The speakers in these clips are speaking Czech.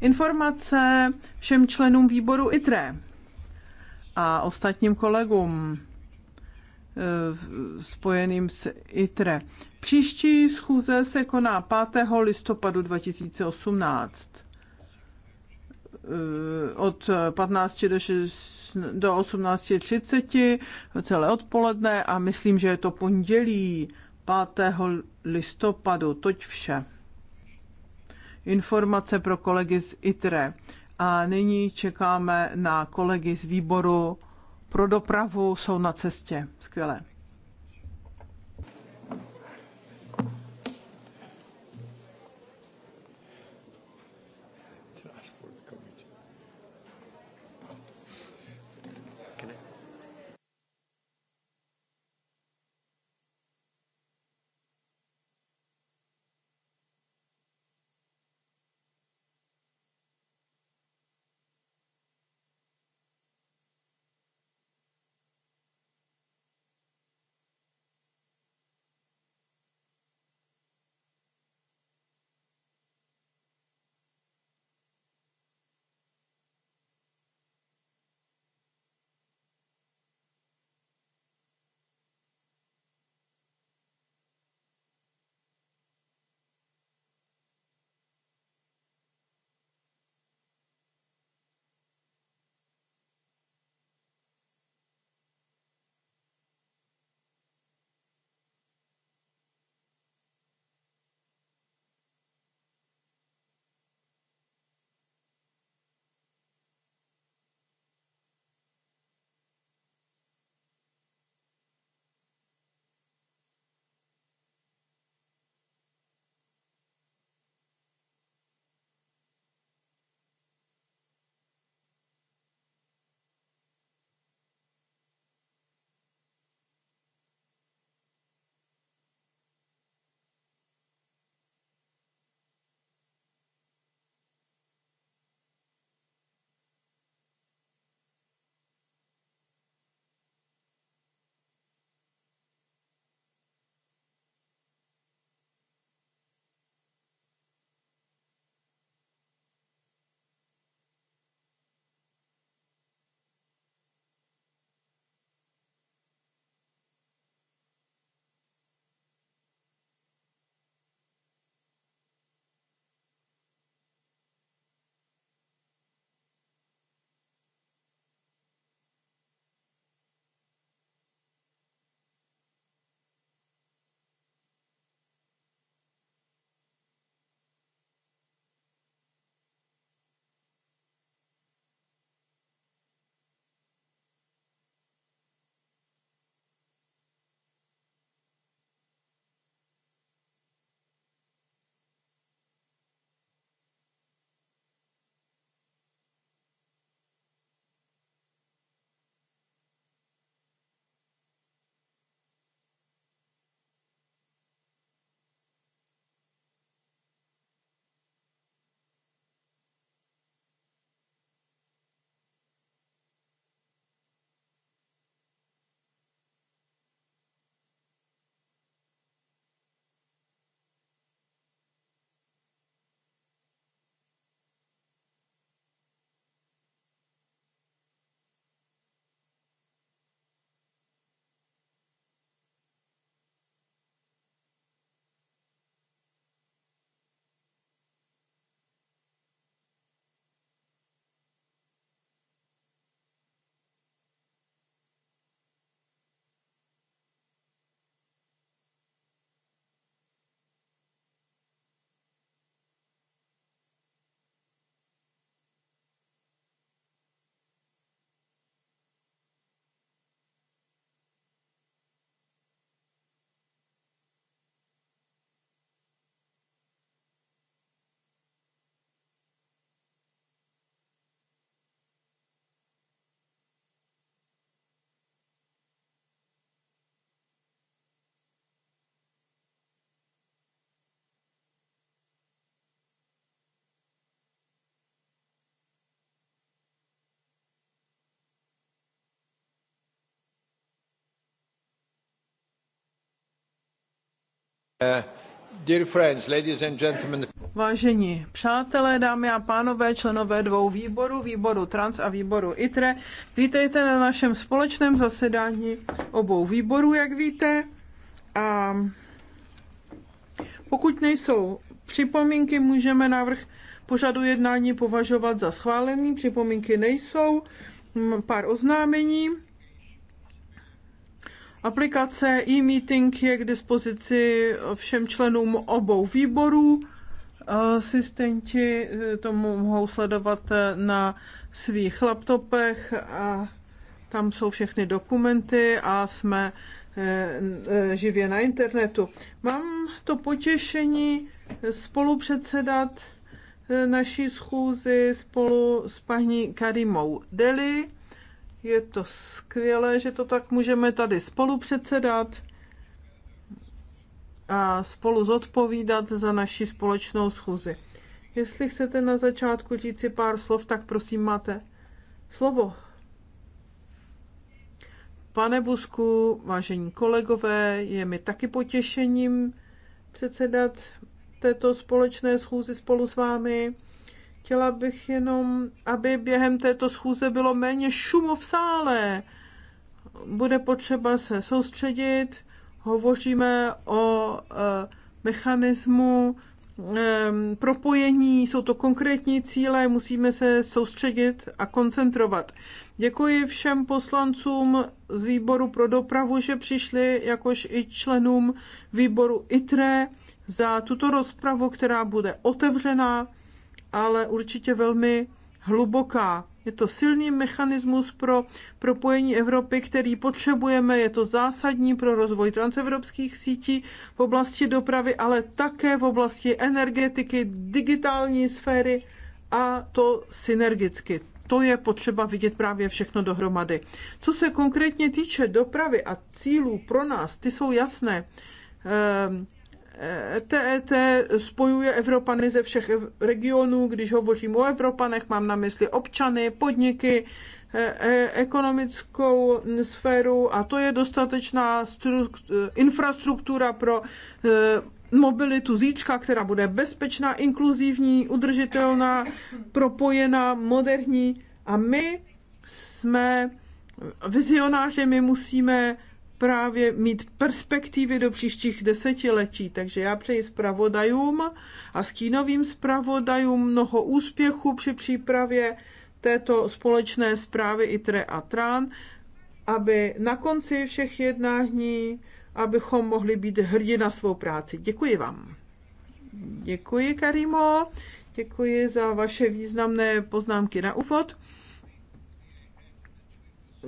Informace všem členům výboru ITRE a ostatním kolegům eh, spojeným s ITRE. Příští schůze se koná 5. listopadu 2018 eh, od 15 do 6, do 18.30 celé odpoledne a myslím, že je to pondělí 5. listopadu. Toť vše informace pro kolegy z ITRE. A nyní čekáme na kolegy z výboru pro dopravu, jsou na cestě. Skvělé. Vážení přátelé, dámy a pánové, členové dvou výborů, výboru Trans a výboru ITRE, vítejte na našem společném zasedání obou výborů, jak víte. A pokud nejsou připomínky, můžeme návrh pořadu jednání považovat za schválený. Připomínky nejsou. Pár oznámení. Aplikace e-meeting je k dispozici všem členům obou výborů. Asistenti eh, to mohou sledovat eh, na svých laptopech a tam jsou všechny dokumenty a jsme eh, živě na internetu. Mám to potěšení spolupředsedat naší schůzi spolu s paní Karimou Deli je to skvělé, že to tak můžeme tady spolu předsedat a spolu zodpovídat za naši společnou schůzi. Jestli chcete na začátku si pár slov, tak prosím máte slovo. Pane Busku, vážení kolegové, je mi taky potěšením předsedat této společné schůzi spolu s vámi. Chtěla bych jenom, aby během této schůze bylo méně šumu v sále. Bude potřeba se soustředit. Hovoříme o eh, mechanismu eh, propojení, jsou to konkrétní cíle, musíme se soustředit a koncentrovat. Děkuji všem poslancům z výboru pro dopravu, že přišli, jakož i členům výboru ITRE za tuto rozpravu, která bude otevřená ale určitě velmi hluboká. Je to silný mechanismus pro propojení Evropy, který potřebujeme. Je to zásadní pro rozvoj transevropských sítí v oblasti dopravy, ale také v oblasti energetiky, digitální sféry a to synergicky. To je potřeba vidět právě všechno dohromady. Co se konkrétně týče dopravy a cílů pro nás, ty jsou jasné. Ehm TET e spojuje Evropany ze všech regionů. Když hovořím o Evropanech, mám na mysli občany, podniky, e, e, ekonomickou sféru a to je dostatečná infrastruktura pro mobilitu zíčka, která bude bezpečná, inkluzivní, udržitelná, propojená, moderní. A my jsme vizionáři, my musíme právě mít perspektivy do příštích desetiletí. Takže já přeji zpravodajům a stínovým zpravodajům mnoho úspěchu při přípravě této společné zprávy ITRE a TRAN, aby na konci všech jednání, abychom mohli být hrdí na svou práci. Děkuji vám. Děkuji, Karimo. Děkuji za vaše významné poznámky na úvod.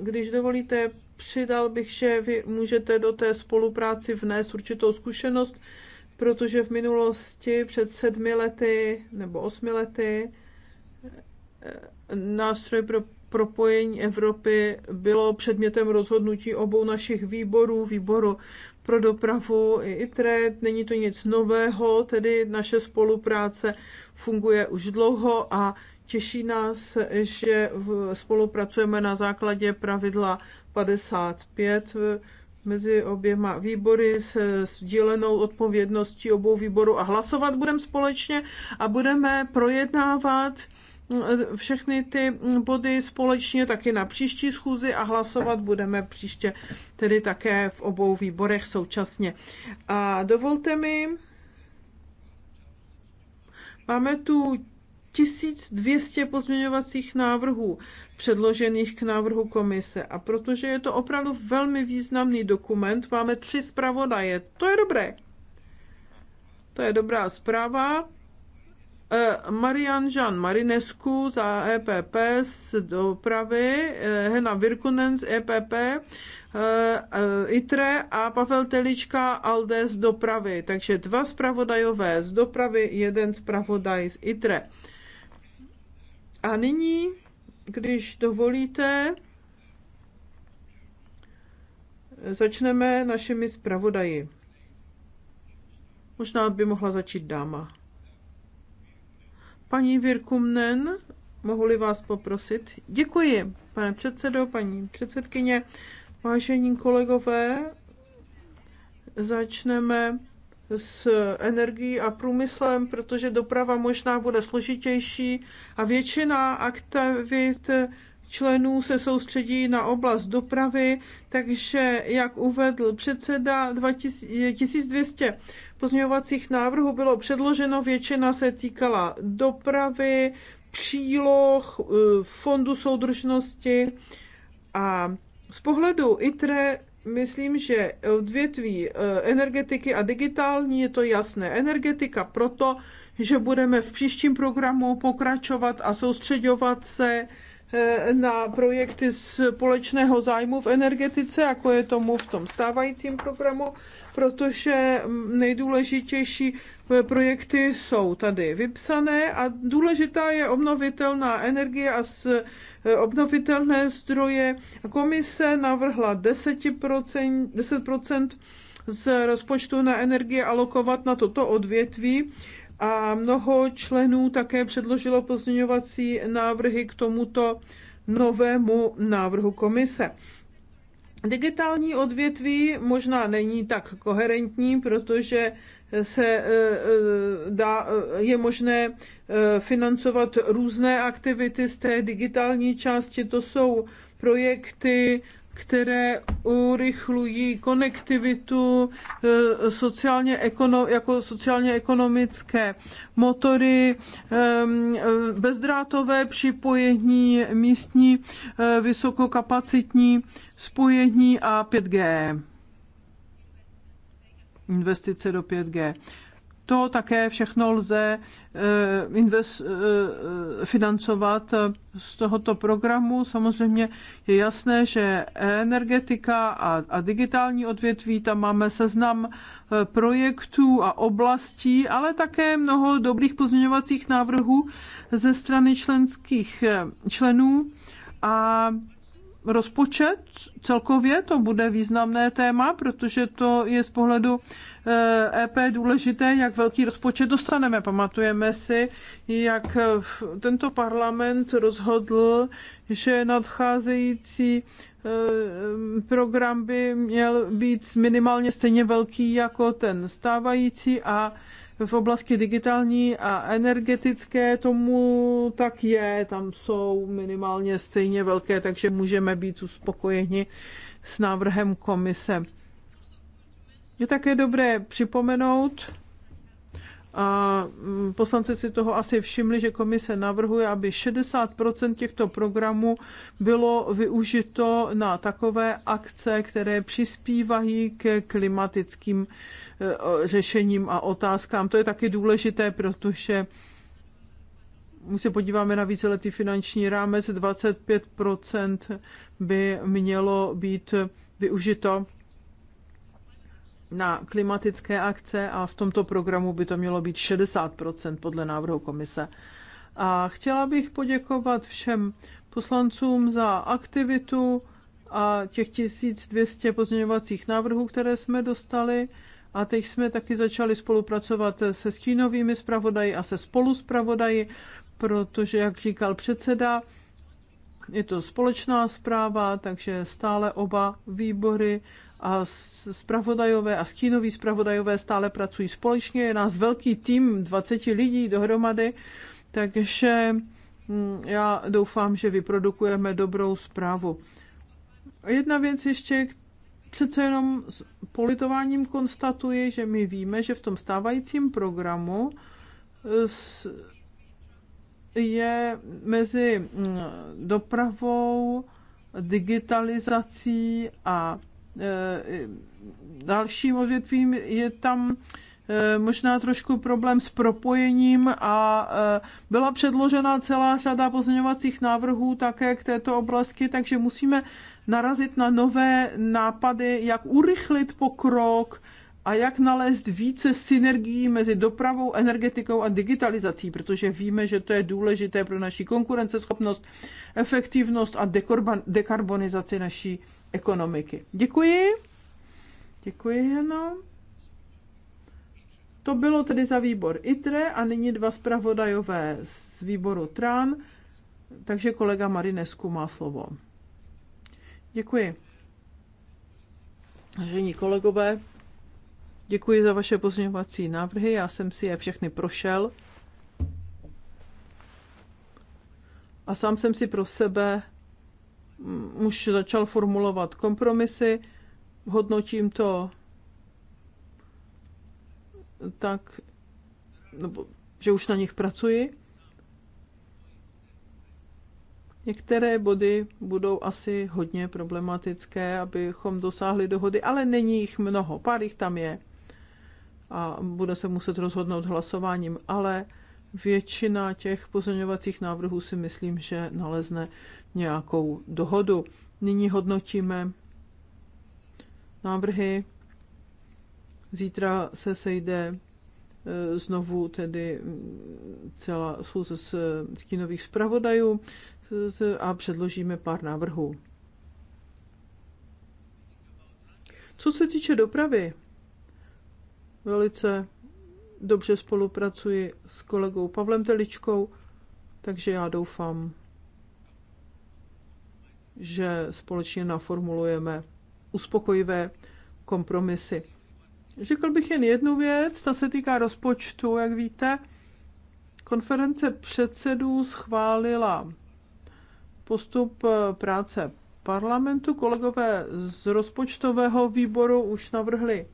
Když dovolíte, přidal bych, že vy můžete do té spolupráci vnést určitou zkušenost, protože v minulosti před sedmi lety nebo osmi lety eh, nástroj pro propojení Evropy bylo předmětem rozhodnutí obou našich výborů, výboru pro dopravu i ITRE. Není to nic nového, tedy naše spolupráce funguje už dlouho a těší nás, že spolupracujeme na základě pravidla 55 eh, mezi oběma výbory se sdílenou odpovědností obou výborů a hlasovat budeme společně a budeme projednávat eh, všechny ty hm, body společně taky na příští schůzi a hlasovat budeme příště tedy také v obou výborech současně. A dovolte mi, máme tu 1200 pozměňovacích návrhů předložených k návrhu komise. A protože je to opravdu velmi významný dokument, máme tři zpravodaje. To je dobré. To je dobrá zpráva. Eh, Marian Jean Marinescu za EPP z dopravy, eh, Hena Virkunen z EPP, eh, ITRE a Pavel Telička Alde z dopravy. Takže dva zpravodajové z dopravy, jeden zpravodaj z ITRE. A nyní, když dovolíte, začneme našimi zpravodaji. Možná by mohla začít dáma. Paní Virkumnen, mohu-li vás poprosit? Děkuji, pane předsedo, paní předsedkyně, vážení kolegové. Začneme s energií a průmyslem, protože doprava možná bude složitější a většina aktivit členů se soustředí na oblast dopravy, takže, jak uvedl předseda, 1200 pozměňovacích návrhů bylo předloženo, většina se týkala dopravy, příloh, eh, fondu soudržnosti a z pohledu ITRE myslím, že odvětví eh, energetiky a digitální je to jasné. Energetika proto, že budeme v příštím programu pokračovat a soustředovat se eh, na projekty společného zájmu v energetice, jako je tomu v tom stávajícím programu, protože mm, nejdůležitější eh, projekty jsou tady vypsané a důležitá je obnovitelná energie a s obnovitelné zdroje. Komise navrhla 10%, 10% z rozpočtu na energie alokovat na toto odvětví a mnoho členů také předložilo pozměňovací návrhy k tomuto novému návrhu komise. Digitální odvětví možná není tak koherentní, protože se eh, eh, dá, eh, je možné financovat různé aktivity z té digitální části. To jsou projekty, které urychlují konektivitu sociálně ekono, jako sociálně-ekonomické motory, bezdrátové připojení, místní vysokokapacitní spojení a 5G investice do 5G. To také všechno lze eh, invest, eh, eh, financovat z tohoto programu. Samozřejmě je jasné, že energetika a, a digitální odvětví, tam máme seznam projektů a oblastí, ale také mnoho dobrých pozměňovacích návrhů ze strany členských členů. A rozpočet celkově, to bude významné téma, protože to je z pohledu EP eh, e důležité, jak velký rozpočet dostaneme. Pamatujeme si, jak tento parlament rozhodl, že nadcházející eh, program by měl být minimálně stejně velký jako ten stávající a v oblasti digitální a energetické tomu tak je, tam jsou minimálně stejně velké, takže můžeme být uspokojeni s návrhem komise. Je také dobré připomenout, a mm, poslanci si toho asi všimli, že komise navrhuje, aby 60% těchto programů bylo využito na takové akce, které přispívají k klimatickým e, řešením a otázkám. To je taky důležité, protože my se podíváme na víceletý finanční rámec, 25% by mělo být využito na klimatické akce a v tomto programu by to mělo být 60 podle návrhu komise. A chtěla bych poděkovat všem poslancům za aktivitu a těch 1200 pozměňovacích návrhů, které jsme dostali. A teď jsme taky začali spolupracovat se stínovými zpravodaji a se spoluspravodaji, protože, jak říkal předseda, je to společná zpráva, takže stále oba výbory a zpravodajové a stínoví zpravodajové stále pracují společně. Je nás velký tým 20 lidí dohromady, takže mm, já doufám, že vyprodukujeme dobrou zprávu. Jedna věc ještě, přece jenom s politováním konstatuji, že my víme, že v tom stávajícím programu je mezi mm, dopravou, digitalizací a Eh, dalším odvětvím je tam eh, možná trošku problém s propojením a eh, byla předložena celá řada pozměňovacích návrhů také k této oblasti, takže musíme narazit na nové nápady, jak urychlit pokrok a jak nalézt více synergií mezi dopravou, energetikou a digitalizací, protože víme, že to je důležité pro naši konkurenceschopnost, efektivnost a dekarbonizaci naší ekonomiky. Děkuji. Děkuji Jano. To bylo tedy za výbor ITRE a nyní dva zpravodajové z výboru TRAN, takže kolega Marinesku má slovo. Děkuji. Vážení kolegové, děkuji za vaše pozměňovací návrhy, já jsem si je všechny prošel. A sám jsem si pro sebe už začal formulovat kompromisy. Hodnotím to tak, nebo, že už na nich pracuji. Některé body budou asi hodně problematické, abychom dosáhli dohody, ale není jich mnoho, pár jich tam je. A bude se muset rozhodnout hlasováním, ale většina těch pozorňovacích návrhů si myslím, že nalezne nějakou dohodu. Nyní hodnotíme návrhy. Zítra se sejde e, znovu tedy mm, celá schůze z e, stínových zpravodajů a předložíme pár návrhů. Co se týče dopravy, velice dobře spolupracuji s kolegou Pavlem Teličkou, takže já doufám, že společně naformulujeme uspokojivé kompromisy. Řekl bych jen jednu věc, ta se týká rozpočtu, jak víte. Konference předsedů schválila postup eh, práce parlamentu. Kolegové z rozpočtového výboru už navrhli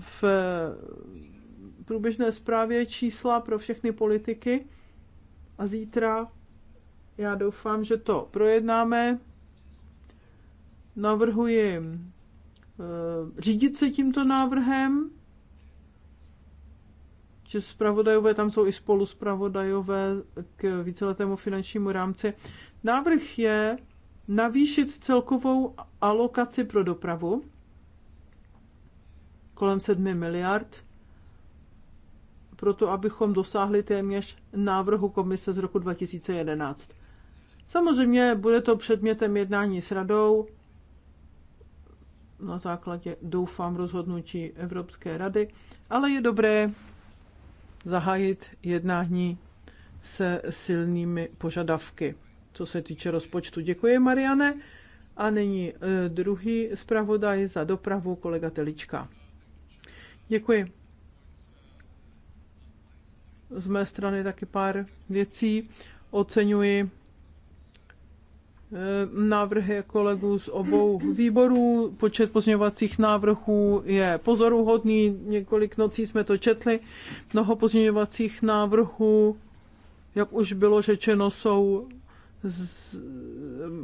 v eh, průběžné zprávě čísla pro všechny politiky a zítra já doufám, že to projednáme. Navrhuji e, řídit se tímto návrhem, že zpravodajové, tam jsou i spolu zpravodajové k víceletému finančnímu rámci. Návrh je navýšit celkovou alokaci pro dopravu kolem 7 miliard, proto abychom dosáhli téměř návrhu komise z roku 2011. Samozřejmě bude to předmětem jednání s radou na základě, doufám, rozhodnutí Evropské rady, ale je dobré zahájit jednání se silnými požadavky, co se týče rozpočtu. Děkuji, Mariane. A nyní e, druhý zpravodaj za dopravu, kolega Telička. Děkuji. Z mé strany taky pár věcí. Oceňuji Eh, návrhy kolegů z obou výborů. Počet pozměňovacích návrhů je pozoruhodný. Několik nocí jsme to četli. Mnoho pozměňovacích návrhů, jak už bylo řečeno, jsou z,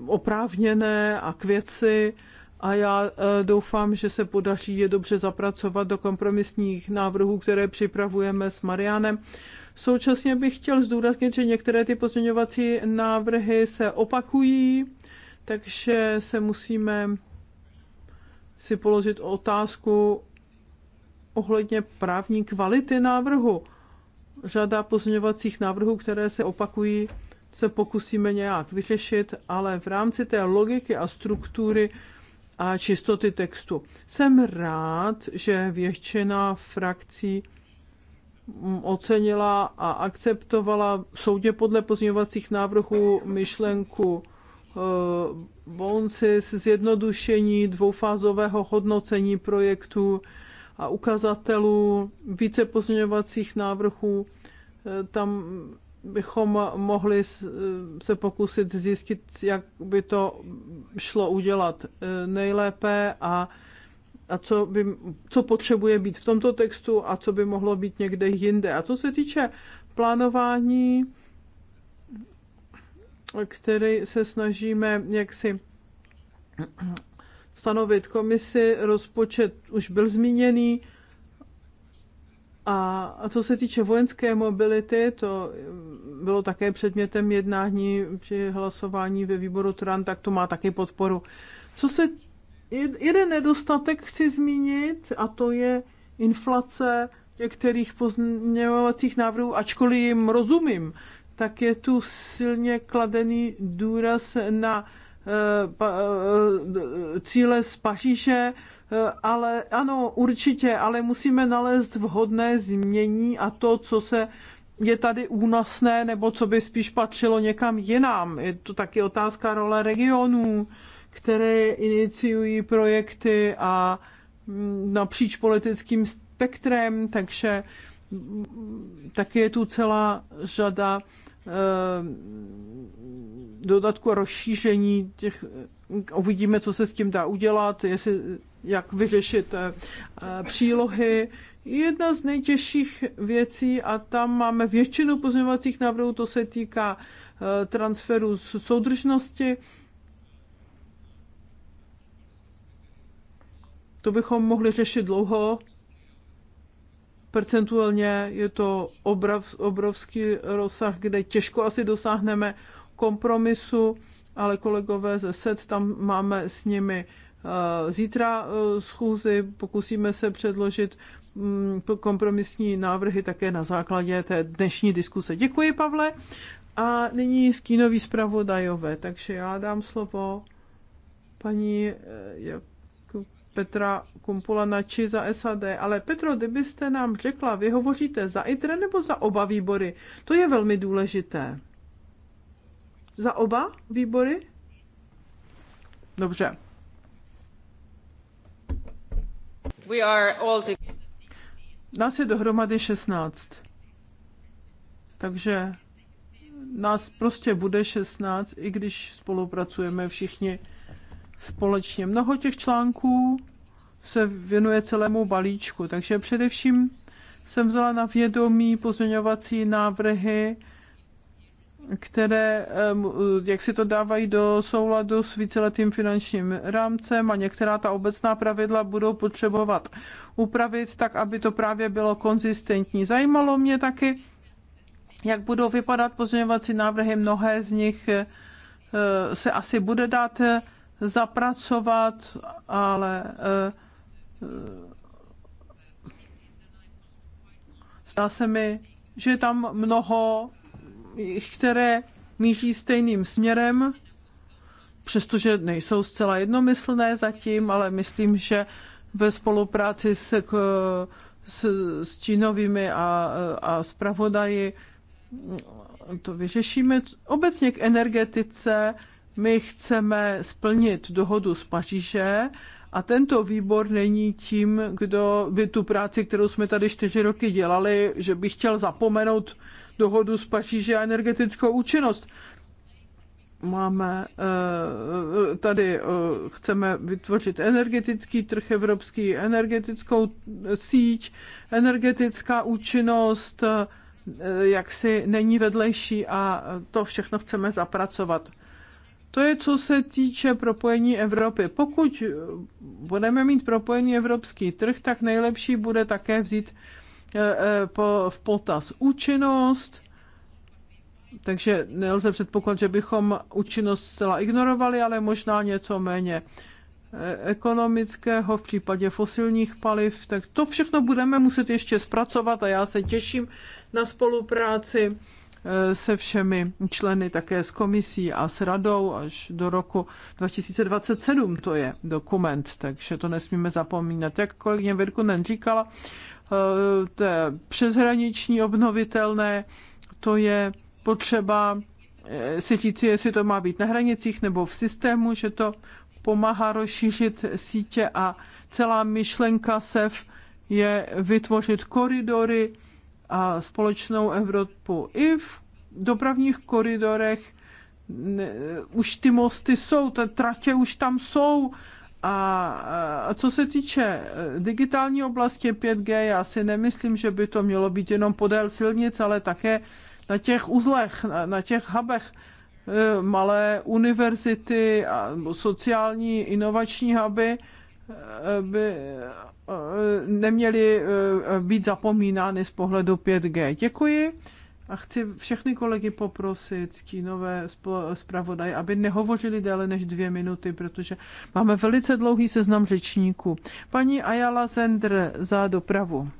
oprávněné a k věci a já eh, doufám, že se podaří je dobře zapracovat do kompromisních návrhů, které připravujeme s Marianem Současně bych chtěl zdůraznit, že některé ty pozměňovací návrhy se opakují, takže se musíme si položit otázku ohledně právní kvality návrhu. Řada pozměňovacích návrhů, které se opakují, se pokusíme nějak vyřešit, ale v rámci té logiky a struktury a čistoty textu. Jsem rád, že většina frakcí ocenila a akceptovala soudě podle pozměňovacích návrhů myšlenku eh, s zjednodušení dvoufázového hodnocení projektů a ukazatelů, více pozměňovacích návrhů. Eh, tam bychom mohli eh, se pokusit zjistit, jak by to šlo udělat nejlépe a a co, by, co potřebuje být v tomto textu a co by mohlo být někde jinde. A co se týče plánování, který se snažíme jaksi stanovit komisi, rozpočet už byl zmíněný, a co se týče vojenské mobility, to bylo také předmětem jednání při hlasování ve výboru TRAN, tak to má taky podporu. Co se Jeden nedostatek chci zmínit a to je inflace některých pozměňovacích návrhů, ačkoliv jim rozumím, tak je tu silně kladený důraz na eh, eh, cíle z Paříže, eh, ale ano, určitě, ale musíme nalézt vhodné změní a to, co se je tady únosné, nebo co by spíš patřilo někam jinam. Je to taky otázka role regionů které iniciují projekty a mm, napříč politickým spektrem, takže mm, taky je tu celá řada eh, dodatku a rozšíření těch, eh, uvidíme, co se s tím dá udělat, jestli, jak vyřešit eh, přílohy. Jedna z nejtěžších věcí, a tam máme většinu pozměňovacích návrhů, to se týká transferu z soudržnosti, To bychom mohli řešit dlouho. Percentuálně je to obrov, obrovský rozsah, kde těžko asi dosáhneme kompromisu, ale kolegové ze SED, tam máme s nimi eh, zítra eh, schůzi, pokusíme se předložit mm, kompromisní návrhy také na základě té dnešní diskuse. Děkuji, Pavle. A nyní stínový zpravodajové, takže já dám slovo paní eh, Petra Kumpula Nači za SAD. Ale Petro, kdybyste nám řekla, vy hovoříte za ITRE nebo za oba výbory? To je velmi důležité. Za oba výbory? Dobře. We are all Nás je dohromady 16. Takže nás prostě bude 16, i když spolupracujeme všichni společně. Mnoho těch článků se věnuje celému balíčku. Takže především jsem vzala na vědomí pozměňovací návrhy, které, jak si to dávají do souladu s víceletým finančním rámcem a některá ta obecná pravidla budou potřebovat upravit tak, aby to právě bylo konzistentní. Zajímalo mě taky, jak budou vypadat pozměňovací návrhy. Mnohé z nich eh, se asi bude dát eh, zapracovat, ale eh, Zdá se mi, že je tam mnoho, které míří stejným směrem, přestože nejsou zcela jednomyslné zatím, ale myslím, že ve spolupráci s, k, s, s Čínovými a, a zpravodaji to vyřešíme. Obecně k energetice my chceme splnit dohodu z Paříže, a tento výbor není tím, kdo by tu práci, kterou jsme tady čtyři roky dělali, že by chtěl zapomenout dohodu s Paříže a energetickou účinnost. Máme eh, eh, tady, eh, chceme vytvořit energetický trh evropský, energetickou síť, energetická účinnost, jaksi není vedlejší a to všechno chceme zapracovat. To je, co se týče propojení Evropy. Pokud budeme mít propojený evropský trh, tak nejlepší bude také vzít eh, eh, v potaz účinnost, takže nelze předpokládat, že bychom účinnost zcela ignorovali, ale možná něco méně eh, ekonomického v případě fosilních paliv, tak to všechno budeme muset ještě zpracovat a já se těším na spolupráci Eh, se všemi členy, také s komisí a s radou až do roku 2027 to je dokument, takže to nesmíme zapomínat. Jak kolegyně Virkunen říkala, eh, té přeshraniční obnovitelné, to je potřeba eh, si říct, jestli to má být na hranicích nebo v systému, že to pomáhá rozšířit sítě a celá myšlenka SEF je vytvořit koridory, a společnou Evropu. I v dopravních koridorech ne, už ty mosty jsou, ta tratě už tam jsou. A, a co se týče eh, digitální oblasti 5G, já si nemyslím, že by to mělo být jenom podél silnic, ale také na těch uzlech, na, na těch hubech eh, malé univerzity a sociální inovační huby eh, by Eh, neměly eh, být zapomínány z pohledu 5G. Děkuji a chci všechny kolegy poprosit, stínové zpravodaj, aby nehovořili déle než dvě minuty, protože máme velice dlouhý seznam řečníků. Paní Ayala Zender za dopravu.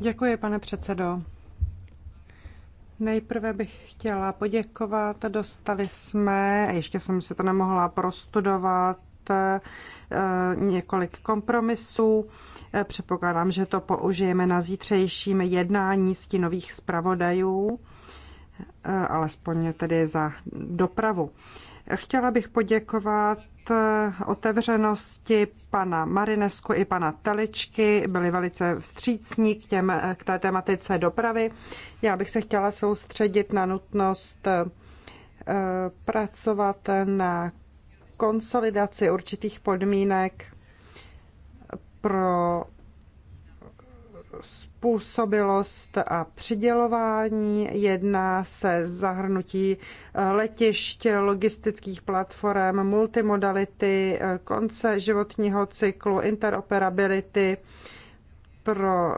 Děkuji, pane předsedo. Nejprve bych chtěla poděkovat. Dostali jsme, ještě jsem si to nemohla prostudovat, Eh, několik kompromisů. Eh, předpokládám, že to použijeme na zítřejším jednání stínových zpravodajů, eh, alespoň tedy za dopravu. Chtěla bych poděkovat otevřenosti pana Marinesku i pana Teličky. Byli velice vstřícní k, těm, k té tematice dopravy. Já bych se chtěla soustředit na nutnost pracovat na konsolidaci určitých podmínek pro způsobilost a přidělování. Jedná se zahrnutí eh, letišť, logistických platform, multimodality, eh, konce životního cyklu, interoperability, pro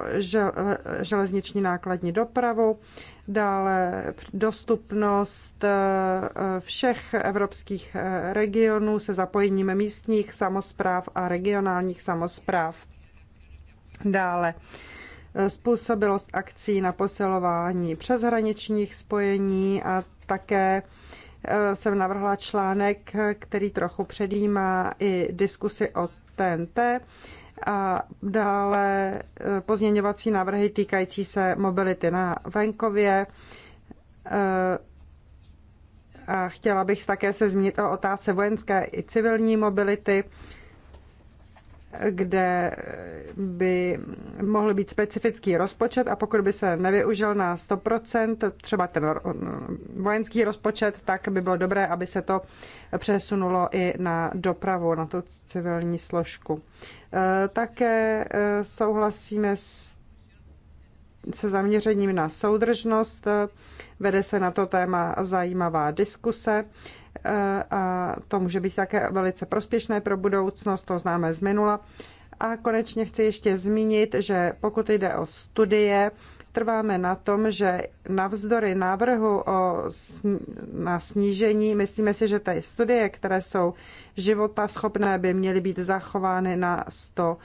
železniční nákladní dopravu, dále dostupnost eh, všech evropských eh, regionů se zapojením místních samozpráv a regionálních samozpráv. Dále eh, způsobilost akcí na posilování přeshraničních spojení a také jsem navrhla článek, který trochu předjímá i diskusy o TNT a dále e, pozměňovací návrhy týkající se mobility na venkově. E, a chtěla bych také se zmínit o otázce vojenské i civilní mobility kde by mohl být specifický rozpočet a pokud by se nevyužil na 100%, třeba ten vojenský rozpočet, tak by bylo dobré, aby se to přesunulo i na dopravu, na tu civilní složku. E, také e, souhlasíme s se zaměřením na soudržnost. Vede se na to téma zajímavá diskuse eh, a to může být také velice prospěšné pro budoucnost, to známe z minula. A konečně chci ještě zmínit, že pokud jde o studie, trváme na tom, že navzdory návrhu o, na snížení, myslíme si, že ty studie, které jsou života schopné, by měly být zachovány na 100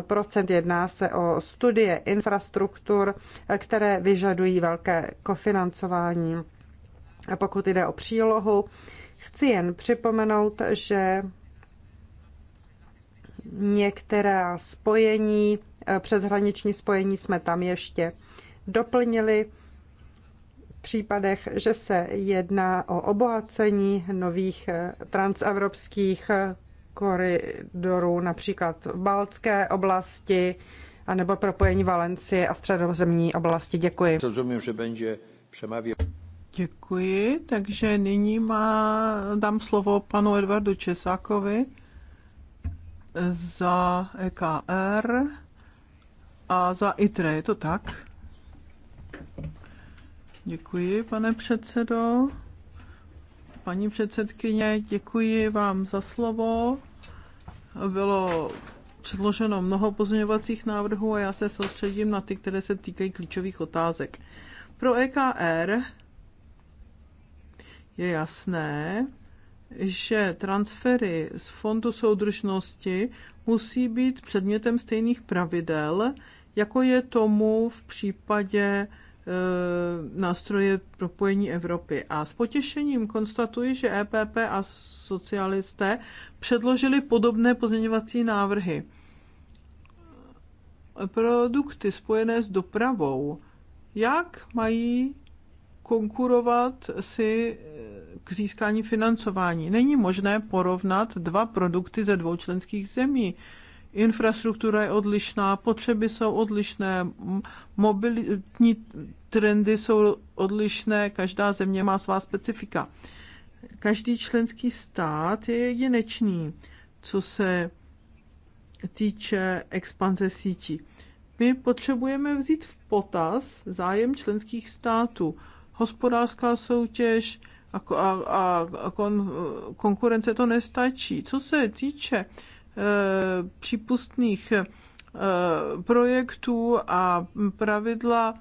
Procent Jedná se o studie infrastruktur, které vyžadují velké kofinancování. A pokud jde o přílohu, chci jen připomenout, že některá spojení, přeshraniční spojení jsme tam ještě doplnili v případech, že se jedná o obohacení nových eh, transevropských eh, koridorů, například v Baltské oblasti, anebo propojení Valencie a středozemní oblasti. Děkuji. Rozumím, že bude přemavě. Děkuji, takže nyní má, dám slovo panu Edvardu Česákovi za EKR a za ITRE, je to tak? Děkuji, pane předsedo. Paní předsedkyně, děkuji vám za slovo. Bylo předloženo mnoho pozměňovacích návrhů a já se soustředím na ty, které se týkají klíčových otázek. Pro EKR je jasné, že transfery z Fondu soudržnosti musí být předmětem stejných pravidel, jako je tomu v případě Eh, nástroje propojení Evropy. A s potěšením konstatuji, že EPP a socialisté předložili podobné pozměňovací návrhy. Produkty spojené s dopravou, jak mají konkurovat si eh, k získání financování. Není možné porovnat dva produkty ze dvou členských zemí infrastruktura je odlišná, potřeby jsou odlišné, mobilitní trendy jsou odlišné, každá země má svá specifika. Každý členský stát je jedinečný, co se týče expanze sítí. My potřebujeme vzít v potaz zájem členských států, hospodářská soutěž a, a, a kon, konkurence to nestačí. Co se týče Eh, přípustných eh, projektů a pravidla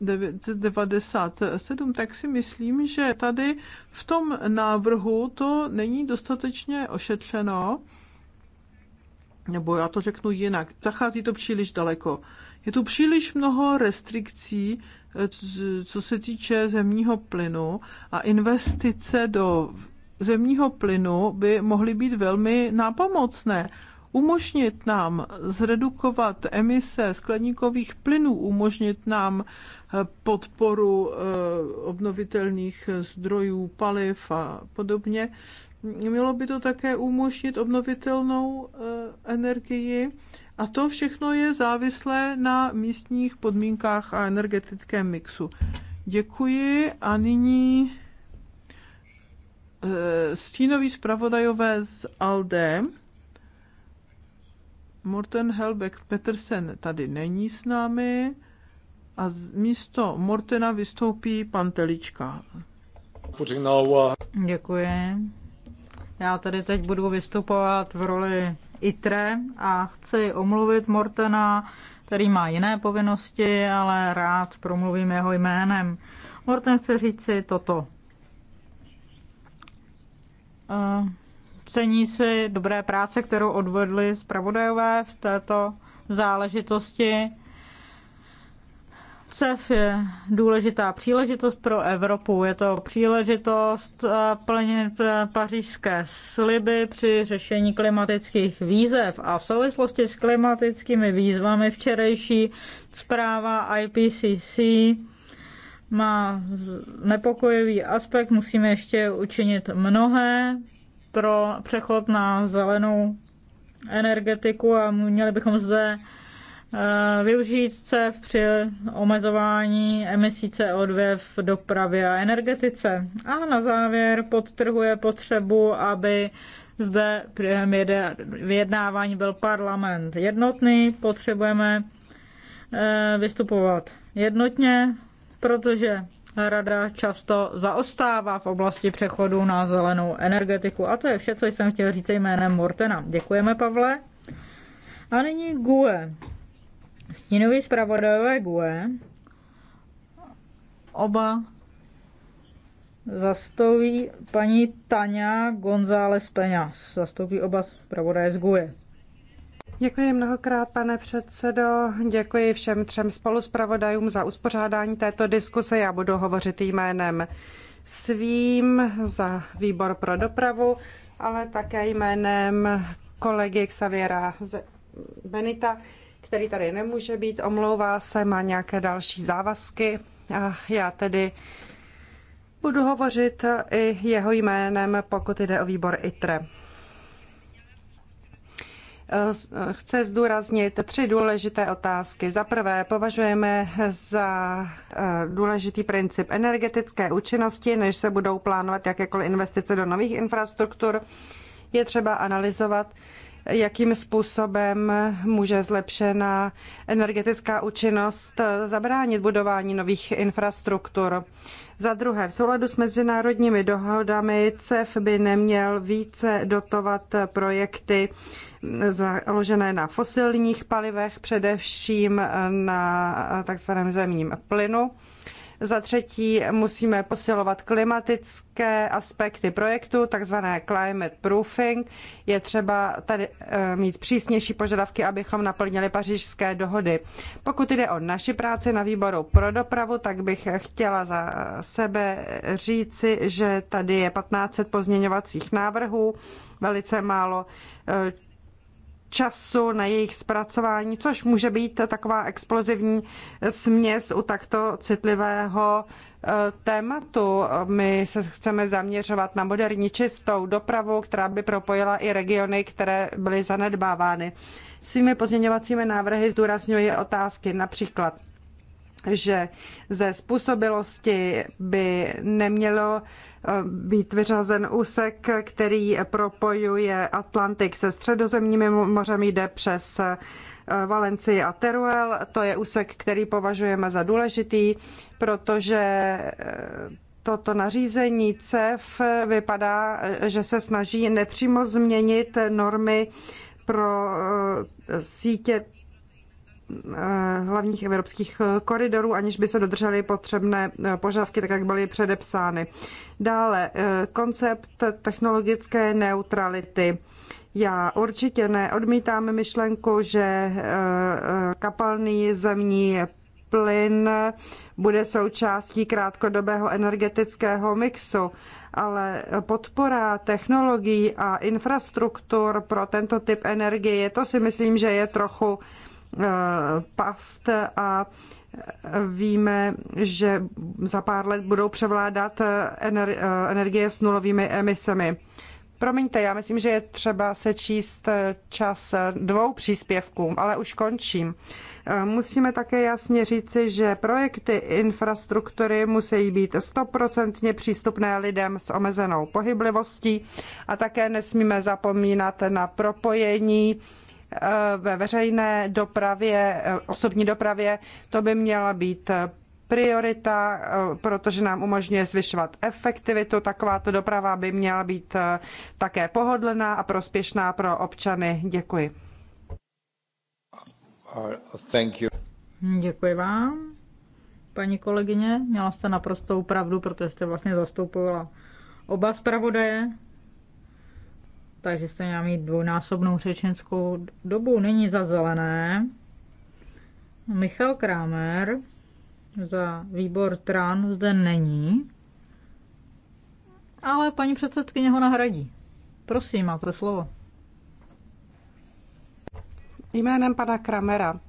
97 eh, tak si myslím, že tady v tom návrhu to není dostatečně ošetřeno, nebo já to řeknu jinak, zachází to příliš daleko. Je tu příliš mnoho restrikcí, co se týče zemního plynu a investice do zemního plynu by mohly být velmi nápomocné. Umožnit nám zredukovat emise skleníkových plynů, umožnit nám eh, podporu eh, obnovitelných zdrojů, paliv a podobně. Mělo by to také umožnit obnovitelnou eh, energii a to všechno je závislé na místních podmínkách a energetickém mixu. Děkuji a nyní Eh, stínoví zpravodajové z ALDE. Morten Helbeck Petersen tady není s námi a místo Mortena vystoupí pan Telička. Děkuji. Já tady teď budu vystupovat v roli ITRE a chci omluvit Mortena, který má jiné povinnosti, ale rád promluvím jeho jménem. Morten chce říct si toto. Cení si dobré práce, kterou odvedli zpravodajové v této záležitosti. CEF je důležitá příležitost pro Evropu. Je to příležitost eh, plnit eh, pařížské sliby při řešení klimatických výzev. A v souvislosti s klimatickými výzvami včerejší zpráva IPCC má nepokojivý aspekt, musíme ještě učinit mnohé pro přechod na zelenou energetiku a měli bychom zde eh, využít se při omezování emisí CO2 v dopravě a energetice. A na závěr podtrhuje potřebu, aby zde během vyjednávání byl parlament jednotný. Potřebujeme eh, vystupovat jednotně protože rada často zaostává v oblasti přechodu na zelenou energetiku. A to je vše, co jsem chtěl říct jménem Mortena. Děkujeme, Pavle. A nyní GUE. Stínový zpravodajové GUE. Oba zastoupí paní Tania González Peňas. Zastoupí oba zpravodaje z GUE. Děkuji mnohokrát, pane předsedo. Děkuji všem třem spoluzpravodajům za uspořádání této diskuse. Já budu hovořit jménem svým za výbor pro dopravu, ale také jménem kolegy Xaviera Benita, který tady nemůže být, omlouvá se, má nějaké další závazky. A já tedy budu hovořit i jeho jménem, pokud jde o výbor ITRE. Eh, chce zdůraznit tři důležité otázky. Za prvé, považujeme za eh, důležitý princip energetické účinnosti, než se budou plánovat jakékoliv investice do nových infrastruktur. Je třeba analyzovat, jakým způsobem může zlepšená energetická účinnost zabránit budování nových infrastruktur. Za druhé, v souladu s mezinárodními dohodami CEF by neměl více dotovat projekty založené na fosilních palivech, především na takzvaném zemním plynu. Za třetí musíme posilovat klimatické aspekty projektu, takzvané climate proofing. Je třeba tady eh, mít přísnější požadavky, abychom naplnili pařížské dohody. Pokud jde o naši práci na výboru pro dopravu, tak bych chtěla za sebe říci, že tady je 1500 pozměňovacích návrhů, velice málo eh, času na jejich zpracování, což může být taková explozivní směs u takto citlivého eh, tématu. My se chceme zaměřovat na moderní čistou dopravu, která by propojila i regiony, které byly zanedbávány. Svými pozměňovacími návrhy zdůrazňuji otázky například že ze způsobilosti by nemělo být vyřazen úsek, který propojuje Atlantik se středozemními mořem, jde přes eh, Valencii a Teruel. To je úsek, který považujeme za důležitý, protože eh, toto nařízení CEF vypadá, eh, že se snaží nepřímo změnit normy pro sítě Eh, hlavních evropských eh, koridorů, aniž by se dodržely potřebné eh, požadavky, tak jak byly předepsány. Dále koncept technologické neutrality. Já určitě neodmítám myšlenku, že kapalný zemní plyn bude součástí krátkodobého energetického mixu, ale podpora technologií a infrastruktur pro tento typ energie, to si myslím, že je trochu Eh, past a víme, že za pár let budou převládat eh, energie s nulovými emisemi. Promiňte, já myslím, že je třeba sečíst eh, čas dvou příspěvků, ale už končím. Musíme také jasně říci, že projekty infrastruktury musí být stoprocentně přístupné lidem s omezenou pohyblivostí a také nesmíme zapomínat na propojení Eh, ve veřejné dopravě, eh, osobní dopravě, to by měla být priorita, eh, protože nám umožňuje zvyšovat efektivitu. Takováto doprava by měla být také pohodlná a prospěšná pro občany. Děkuji. Uh, thank you. Děkuji vám. Paní kolegyně, měla jste naprostou pravdu, protože jste vlastně zastoupila oba zpravodaje, takže jste měla mít dvojnásobnou řečenskou dobu. Není za zelené Michal Kramer za výbor trán zde není, ale paní předsedkyně ho nahradí. Prosím, máte slovo. Jménem pana Kramera.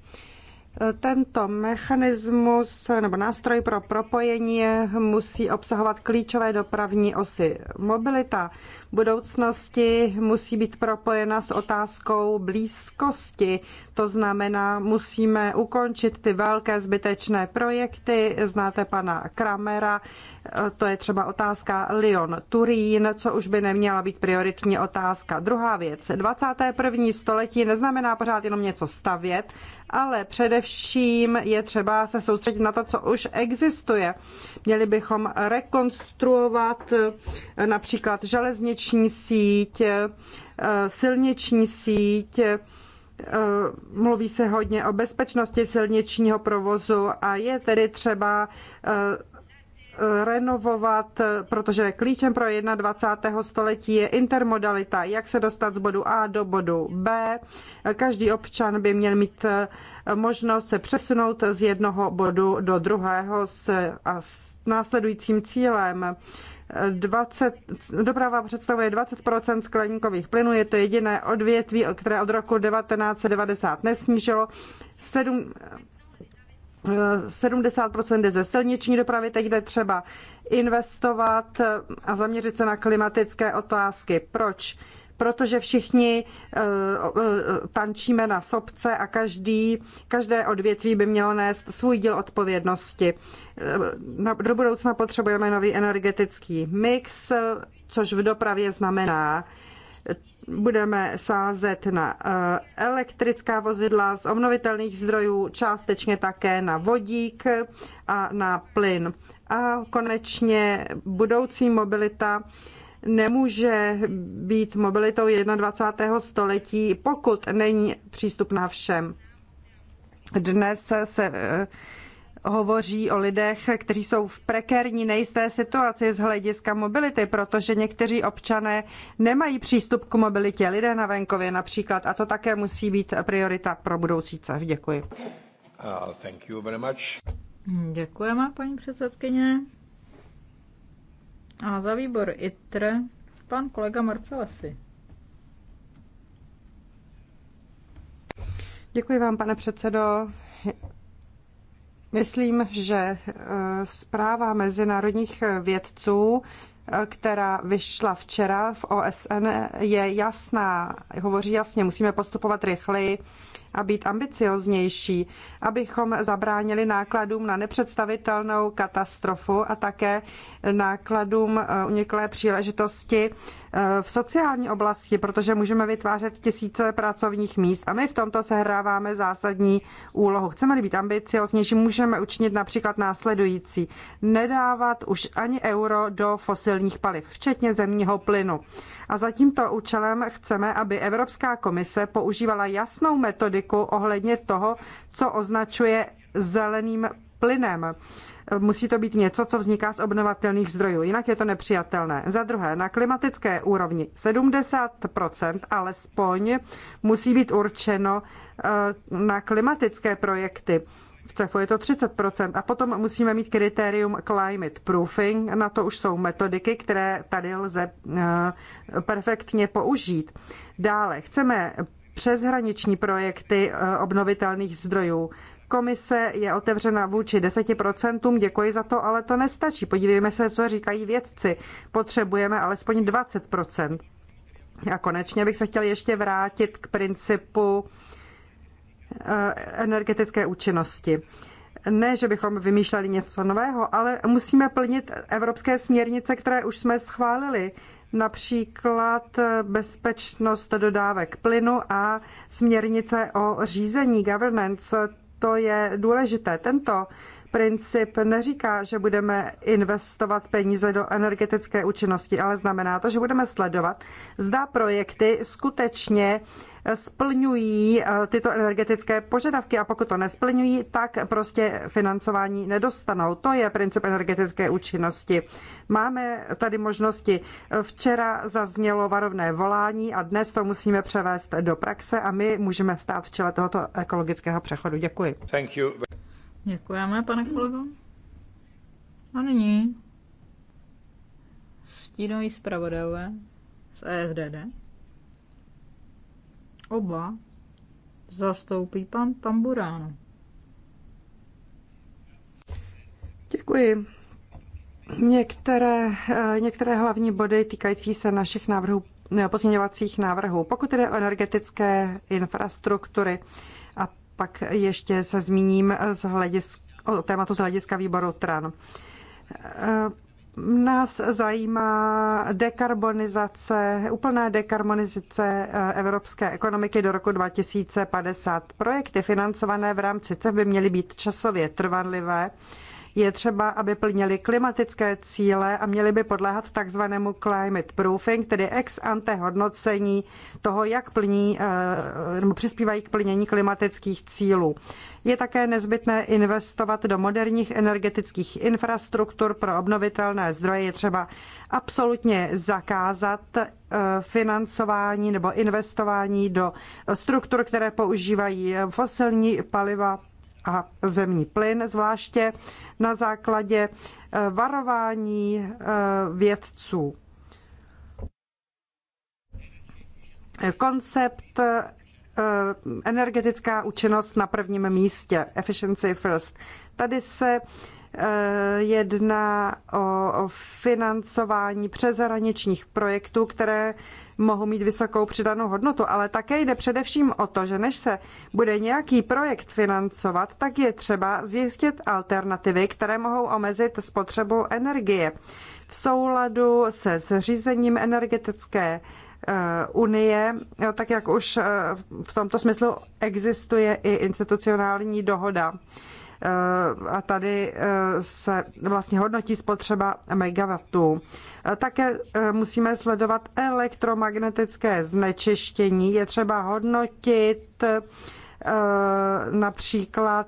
Tento mechanismus nebo nástroj pro propojení musí obsahovat klíčové dopravní osy. Mobilita budoucnosti musí být propojena s otázkou blízkosti. To znamená, musíme ukončit ty velké zbytečné projekty. Znáte pana Kramera, to je třeba otázka Lyon-Turín, co už by neměla být prioritní otázka. Druhá věc, 21. století neznamená pořád jenom něco stavět, ale především především je třeba se soustředit na to, co už existuje. Měli bychom rekonstruovat eh, například železniční síť, eh, silniční síť, eh, mluví se hodně o bezpečnosti silničního provozu a je tedy třeba renovovat, protože klíčem pro 21. století je intermodalita, jak se dostat z bodu A do bodu B. Každý občan by měl mít možnost se přesunout z jednoho bodu do druhého s, a s následujícím cílem. 20, doprava představuje 20 skleníkových plynů, je to jediné odvětví, které od roku 1990 nesnížilo 7 70% jde ze silniční dopravy, teď jde třeba investovat a zaměřit se na klimatické otázky. Proč? Protože všichni eh, eh, tančíme na sobce a každý, každé odvětví by mělo nést svůj díl odpovědnosti. Eh, do budoucna potřebujeme nový energetický mix, což v dopravě znamená budeme sázet na eh, elektrická vozidla z obnovitelných zdrojů, částečně také na vodík a na plyn. A konečně budoucí mobilita nemůže být mobilitou 21. století, pokud není přístupná všem. Dnes se eh, hovoří o lidech, kteří jsou v prekérní nejisté situaci z hlediska mobility, protože někteří občané nemají přístup k mobilitě, lidé na venkově například, a to také musí být priorita pro budoucí CEF. Děkuji. Uh, thank you very much. Děkujeme, paní předsedkyně. A za výbor ITR pan kolega Marcelesi. Děkuji vám, pane předsedo. Myslím, že eh, zpráva mezinárodních eh, vědců, eh, která vyšla včera v OSN, je jasná, hovoří jasně, musíme postupovat rychleji a být ambicioznější, abychom zabránili nákladům na nepředstavitelnou katastrofu a také nákladům eh, uniklé příležitosti eh, v sociální oblasti, protože můžeme vytvářet tisíce pracovních míst a my v tomto sehráváme zásadní úlohu. Chceme-li být ambicioznější, můžeme učinit například následující. Nedávat už ani euro do fosilních paliv, včetně zemního plynu. A za tímto účelem chceme, aby Evropská komise používala jasnou metodiku, politiku ohledně toho, co označuje zeleným plynem. Musí to být něco, co vzniká z obnovatelných zdrojů, jinak je to nepřijatelné. Za druhé, na klimatické úrovni 70% alespoň musí být určeno eh, na klimatické projekty. V CEFu je to 30%. A potom musíme mít kritérium climate proofing. Na to už jsou metodiky, které tady lze eh, perfektně použít. Dále chceme přeshraniční projekty eh, obnovitelných zdrojů. Komise je otevřena vůči 10%, děkuji za to, ale to nestačí. Podívejme se, co říkají vědci. Potřebujeme alespoň 20%. A konečně bych se chtěl ještě vrátit k principu eh, energetické účinnosti. Ne, že bychom vymýšleli něco nového, ale musíme plnit evropské směrnice, které už jsme schválili například bezpečnost dodávek plynu a směrnice o řízení governance. To je důležité. Tento princip neříká, že budeme investovat peníze do energetické účinnosti, ale znamená to, že budeme sledovat, zda projekty skutečně splňují eh, tyto energetické požadavky a pokud to nesplňují, tak prostě financování nedostanou. To je princip energetické účinnosti. Máme tady možnosti. Včera zaznělo varovné volání a dnes to musíme převést do praxe a my můžeme stát v čele tohoto ekologického přechodu. Děkuji. Děkujeme, pane kolego. A nyní stínoví zpravodajové z EFDD. Oba zastoupí pan Tamburáno. Děkuji. Některé, eh, některé hlavní body týkající se našich návrhů, eh, pozměňovacích návrhů. Pokud jde o energetické infrastruktury, pak ještě se zmíním z hledisk, o tématu z hlediska výboru TRAN. Eh, nás zajímá dekarbonizace, úplná dekarbonizace eh, evropské ekonomiky do roku 2050. Projekty financované v rámci CEF by měly být časově trvanlivé je třeba, aby plnili klimatické cíle a měli by podléhat takzvanému climate proofing, tedy ex ante hodnocení toho, jak plní eh, nebo přispívají k plnění klimatických cílů. Je také nezbytné investovat do moderních energetických infrastruktur pro obnovitelné zdroje. Je třeba absolutně zakázat eh, financování nebo investování do struktur, které používají fosilní paliva a zemní plyn, zvláště na základě eh, varování eh, vědců. Koncept eh, energetická účinnost na prvním místě, efficiency first. Tady se jedná o financování přeshraničních projektů, které mohou mít vysokou přidanou hodnotu, ale také jde především o to, že než se bude nějaký projekt financovat, tak je třeba zjistit alternativy, které mohou omezit spotřebu energie v souladu se zřízením energetické eh, unie, tak jak už eh, v tomto smyslu existuje i institucionální dohoda. Eh, a tady eh, se vlastně hodnotí spotřeba megawattů. Eh, také musíme sledovat elektromagnetické znečištění. Je třeba hodnotit například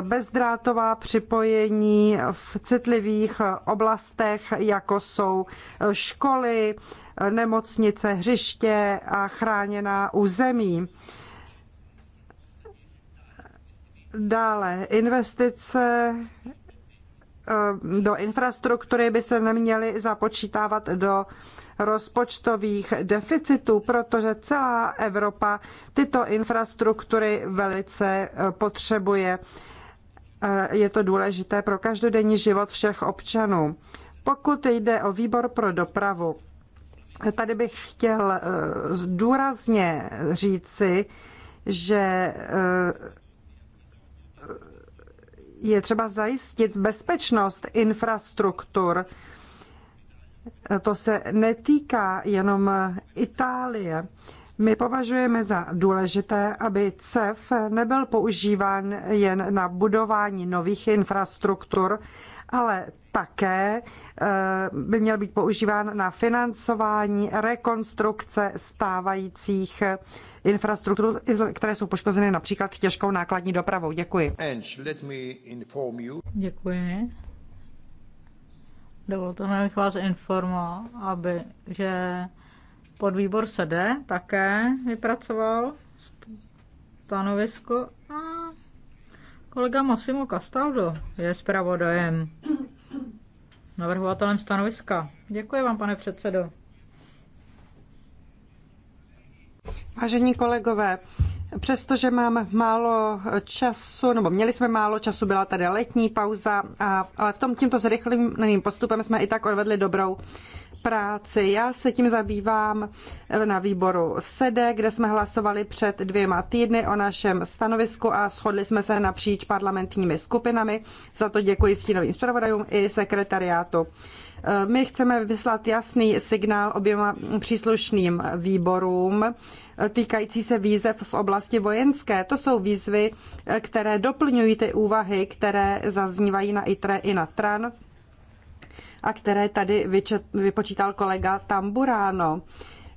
bezdrátová připojení v citlivých oblastech, jako jsou školy, nemocnice, hřiště a chráněná území. Dále investice eh, do infrastruktury by se neměly započítávat do rozpočtových deficitů, protože celá Evropa tyto infrastruktury velice eh, potřebuje. Eh, je to důležité pro každodenní život všech občanů. Pokud jde o výbor pro dopravu, tady bych chtěl důrazně říci, že je třeba zajistit bezpečnost infrastruktur. To se netýká jenom Itálie. My považujeme za důležité, aby CEF nebyl používán jen na budování nových infrastruktur, ale také eh, by měl být používán na financování rekonstrukce stávajících eh, infrastruktur, které jsou poškozeny například těžkou nákladní dopravou. Děkuji. Děkuji. Dovolte mi, abych vás informoval, aby, že podvýbor SD také vypracoval stanovisko a kolega Massimo Castaldo je zpravodajem navrhovatelem stanoviska. Děkuji vám, pane předsedo. Vážení kolegové, přestože mám málo času, nebo měli jsme málo času, byla tady letní pauza, a, ale v tom tímto zrychleným postupem jsme i tak odvedli dobrou práci. Já se tím zabývám na výboru SEDE, kde jsme hlasovali před dvěma týdny o našem stanovisku a shodli jsme se napříč parlamentními skupinami. Za to děkuji stínovým zpravodajům i sekretariátu. My chceme vyslat jasný signál oběma příslušným výborům týkající se výzev v oblasti vojenské. To jsou výzvy, které doplňují ty úvahy, které zaznívají na ITRE i na TRAN a které tady vyčet, vypočítal kolega Tamburáno.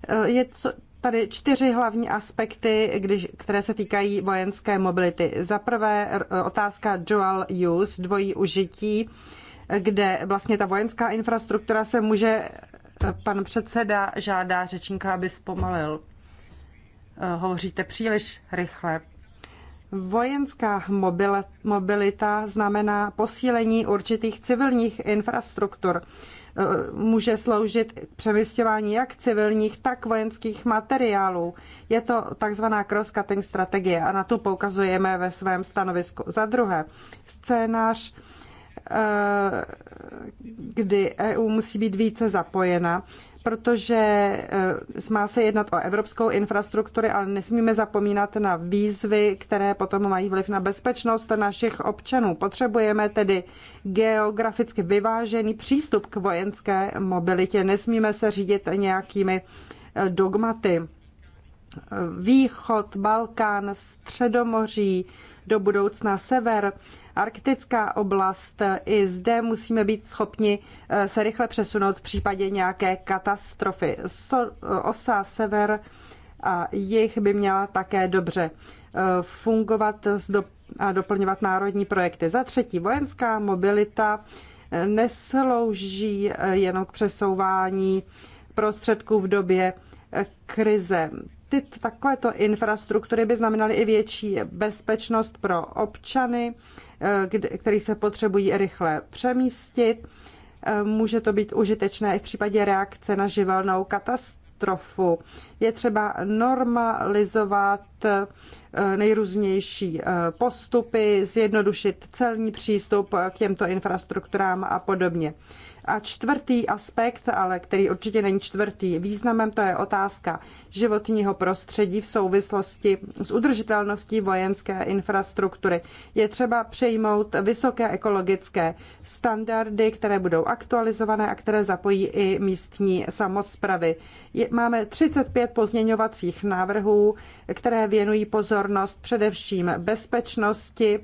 E, je co, tady čtyři hlavní aspekty, když, které se týkají vojenské mobility. Za prvé otázka dual use, dvojí užití, kde vlastně ta vojenská infrastruktura se může, e, pan předseda žádá řečníka, aby zpomalil. E, hovoříte příliš rychle. Vojenská mobilita znamená posílení určitých civilních infrastruktur. E, může sloužit k přemysťování jak civilních, tak vojenských materiálů. Je to takzvaná cross-cutting strategie a na to poukazujeme ve svém stanovisku. Za druhé, scénář e, kdy EU musí být více zapojena protože eh, má se jednat o evropskou infrastrukturu, ale nesmíme zapomínat na výzvy, které potom mají vliv na bezpečnost našich občanů. Potřebujeme tedy geograficky vyvážený přístup k vojenské mobilitě. Nesmíme se řídit nějakými eh, dogmaty. Východ, Balkán, Středomoří, do budoucna sever arktická oblast. I zde musíme být schopni eh, se rychle přesunout v případě nějaké katastrofy. Eh, osa sever a jich by měla také dobře eh, fungovat a doplňovat národní projekty. Za třetí, vojenská mobilita neslouží jenom k přesouvání prostředků v době krize ty, takovéto infrastruktury by znamenaly i větší bezpečnost pro občany, eh, který se potřebují rychle přemístit. Eh, může to být užitečné i v případě reakce na živelnou katastrofu. Je třeba normalizovat eh, nejrůznější postupy, zjednodušit celní přístup k těmto infrastrukturám a podobně. A čtvrtý aspekt, ale který určitě není čtvrtý významem, to je otázka životního prostředí v souvislosti s udržitelností vojenské infrastruktury. Je třeba přejmout vysoké ekologické standardy, které budou aktualizované a které zapojí i místní samozpravy. máme 35 pozměňovacích návrhů, které věnují pozornost především bezpečnosti,